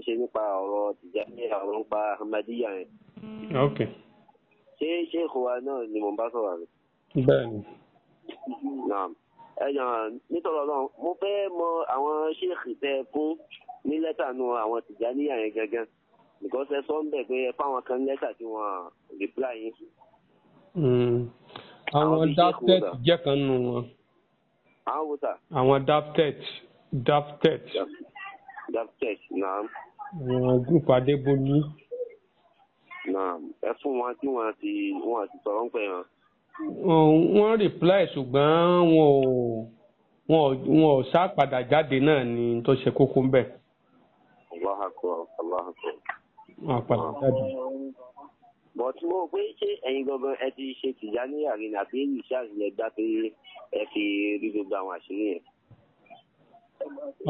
ń ṣe nípa ọ̀rọ̀ tìjáde ọ̀rọ̀ ń pa ahmadiyya yẹn. ok. ṣé ṣéèkù wa náà ni mò ń bá sọ̀rọ̀ rẹ̀. bẹ́ẹ̀ni. naam ẹ jọ̀ọ́ nítorí ọlọ́run mo fẹ́ mọ àwọn ṣéèkì tẹ fún ní lẹ́tà nu àwọn tìjáníyà yẹn gangan nìkan ṣe sọ ń bẹ̀ pé ẹ fáwọn kan lẹ́tà tí wọ́n rìpláì yín. Hmm. àwọn daftet jẹ́ kan nù wọn. àwọn wo sà. àwọn daftet daftet. daftet naam. group adébólú. ẹ fún wọn tí wọn ti wọn ti sọ̀rọ̀ ń hàn. wọ́n reply ṣùgbọ́n wọn ò wọn ò jáde náà ni tó ṣe kókó ń bẹ̀. Allahu jáde bọ̀ tí pé ṣé ẹ̀yin ẹ ti ṣe ní àbí èyí gbá pé ẹ fi rí gbogbo àwọn àṣírí yẹn.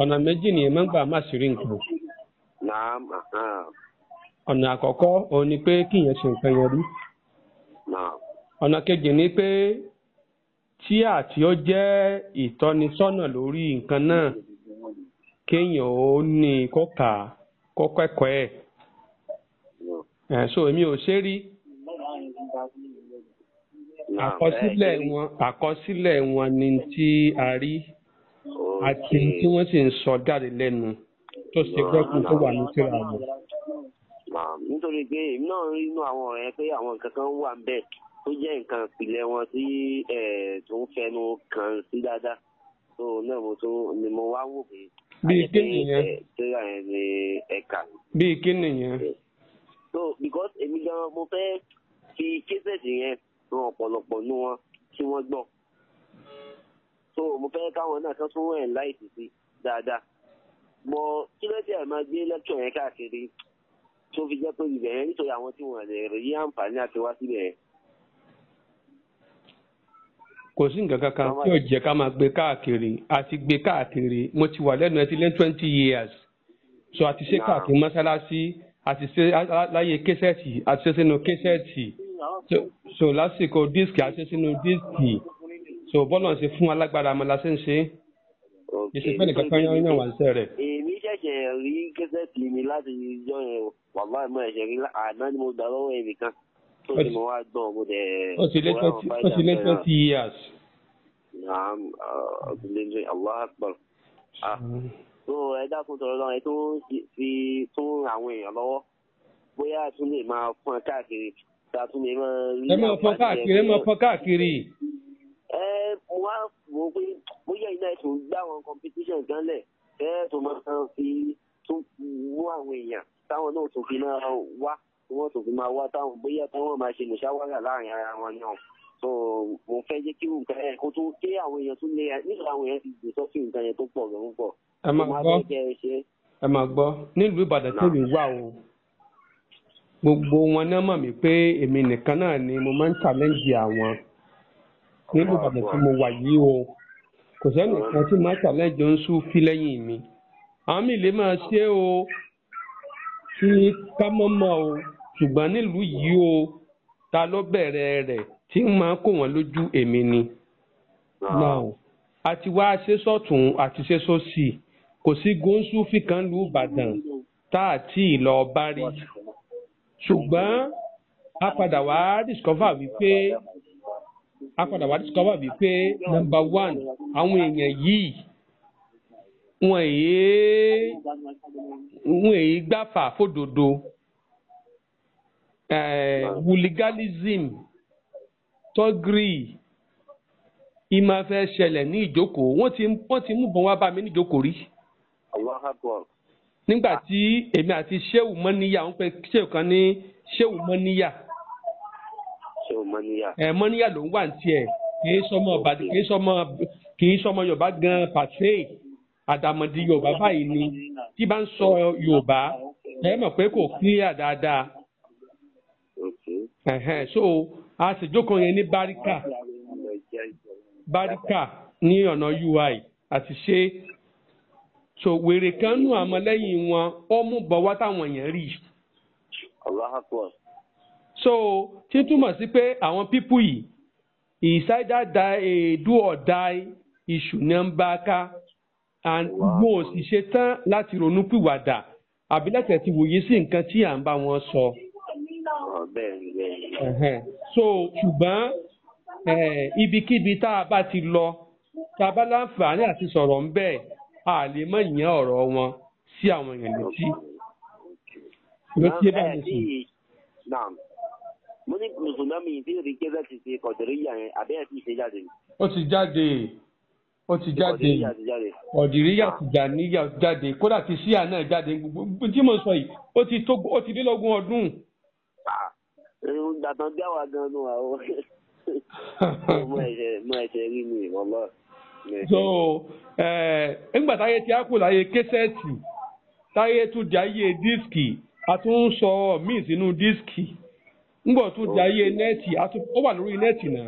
ọ̀nà méjì nìyẹn máa Naam. ọ̀nà àkọ́kọ́ òun ni pé kíyàn ṣe nǹkan yẹn rí. ọ̀nà kejì ni pé tí àti ó jẹ́ ìtọ́nisọ́nà lórí nǹkan náà kéèyàn ó ní kó kà á kó kẹ́kọ̀ọ́ ẹ̀. ẹ̀ so èmi ò ṣe rí àkọsílẹ̀ wọn àkọsílẹ̀ wọn ni ti a rí àti tí wọ́n sì ń sọ jáde lẹ́nu. tó ṣe gbẹ́kun tó wà ní síra rẹ̀. nítorí pé èmi náà rí inú àwọn ọ̀rẹ́ pé àwọn nǹkan kan wà ń bẹ̀ tó jẹ́ nǹkan ìpìlẹ̀ wọn tí tó ń fẹnu kàn sí dáadáa tó náà mo tún ni mo wá wò pé bíi kí nìyẹn síra yẹn ni ẹ̀ka. bíi kí nìyẹn. so because èmi gan mo fẹ́ fi kéṣẹ̀tì yẹn ran ọ̀pọ̀lọpọ̀ nú wọn kí wọ́n gbọ́ so mo fẹ́ káwọn náà kan tún wẹ̀ láìsí sí dáadáa bọ kí ló dé àmà gbé lẹ́kítọ̀ yẹn káàkiri tó fi jẹ́ pé ibẹ̀ yẹn nítorí àwọn tí wọ́n lè rí àǹfààní àti wá síbẹ̀ yẹn. kò sí nǹkan kankan tí yóò jẹ́ ká máa gbé káàkiri àti gbé káàkiri mo ti wà lẹ́nu ẹtí lẹ́nu twenty years so àti ṣe káàkiri mọ́ṣáláṣí àti ṣe láyé késẹ́ẹ̀tì àti ṣe sínú késẹ́ẹ̀tì so lásìkò díìskì àti ṣe sínú díìskì so bọ́lá ń ṣe fún alágbára ọmọ la ṣe ń ṣe ìṣèpẹ́ nìkan kan yẹn wà ń sẹ́ ṣe rí kẹsẹ̀tì mi láti jọ yẹn o wàhálà ìmọ̀ ẹ̀ṣẹ̀ rí àná ni mo gbà lọ́wọ́ ẹnìkan tó ni mo wá gbọ́ mo dẹ̀. ó ti lé twenty ah, ó ti lé twenty years. naam ọ̀gbìnlẹ̀ allah akbar ah, so ẹ dákun tọrọ lọ ẹ tó fi tó àwọn èèyàn lọ́wọ́ bóyá tún lè máa fọn káàkiri ta tún lè máa rí àwọn àti ẹ máa káàkiri ẹ máa wá wò ó pé bóyá iná gbá àwọn competition gan lẹ̀ bẹ́ẹ̀ tó máa fi tún wú àwọn èèyàn táwọn náà tó fi máa wá wọ́n tó fi máa wá táwọn bóyá táwọn máa ṣe mùṣáwárà láàrin ara wọn náà so mo fẹ́ jẹ́ kí nǹkan ẹ̀ kó tó ké àwọn èèyàn tún lé nígbà àwọn èèyàn ti gbèsọ́ sí nǹkan yẹn tó pọ̀ lọ́wọ́ pọ̀. ẹ máa gbọ́ ẹ máa gbọ́ nílùú Ìbàdàn tó lè wà o gbogbo wọn náà mọ̀ mí pé èmi nìkan náà ni mo máa ń challenge àwọn nílùú Ìbàdàn tí mo wà yìí o kò sẹ́nìkan tí máṣà mẹ́jọ ń sún fí lẹ́yìn mi àwọn mi máa ṣe o kí ká mọ́ mọ́ o ṣùgbọ́n nílùú yìí o ta ló bẹ̀rẹ̀ rẹ̀ tí ń máa kó wọn lójú èmi ni. àti wá ṣe sọ́tún àti ṣe sósì kò sí gúnṣú fìkan lu Ìbàdàn tá a tí ì lọ bá rí ṣùgbọ́n a padà wá discover wípé a padà wá discover bíi pé number one àwọn èèyàn yìí wọn èyí wọn èyí gbàfà fòdodo wuligalism tọgírì ìmọ̀ fẹ́ ṣẹlẹ̀ ní ìjókòó wọ́n ti wọ́n ti mú bọ́n wá bá mi ní ìjókòó rí. nígbà tí èmi àti sheu mọ́níyà wọ́n pe sheu kan ní sheu mọ́níyà ṣeun mọ́níyà. ẹ mọ́níyà ló ń wà ní tiẹ̀ kì í sọmọ ìbàdàn kì í sọmọ kì í sọmọ yorùbá gan pàṣẹ àdàmọ̀dì yorùbá báyìí ni tí bá ń sọ yorùbá ẹ mọ̀ pé kò clear dáadáa. so a sì jókòó yẹn ní barika, báríkà ní ọ̀nà ui àti ṣe so wèrè kan nù àmọ́ lẹ́yìn wọn ó mú bọ̀ wá táwọn èèyàn rí. Allah akbar so tí ń túmọ̀ sí pé àwọn pípù yìí is either die a do or die issue náà ń ká and wọn ò sì ṣe tán láti ronú pìwàdà àbí láti ẹ̀tì wòye sí nǹkan tí à ń bá wọn sọ. so ṣùgbọ́n ibikíbi tá a bá ti lọ tá a bá láǹfààní àti sọ̀rọ̀ ń bẹ́ẹ̀ a lè mọ̀ yẹn ọ̀rọ̀ wọn sí àwọn èèyàn létí. ló mo ní mùsùlùmí ìbéèrè kí ẹ ti ṣe kọ̀dìríyà yẹn àbẹ́yẹ ti ṣe jáde. ó ti jáde ó ti jáde kọ̀dìríyà ti jàníyà ti jáde kódà ti ṣíà náà jáde gbogbo tí mo sọ yìí ó ti tó ó ti délógún ọdún. gbàtàn bí àwa gan nù àwọn mo ẹ̀ṣẹ̀ mo ẹ̀ṣẹ̀ rí mi ìwọ́lọ́. so ńgbà táyé ti á kù láyé késẹ́ẹ̀tì táyé tún di ayé díìskì a tún ń sọ míì sínú díìskì. Ńgbà tó di neti atụ ó wà lórí neti na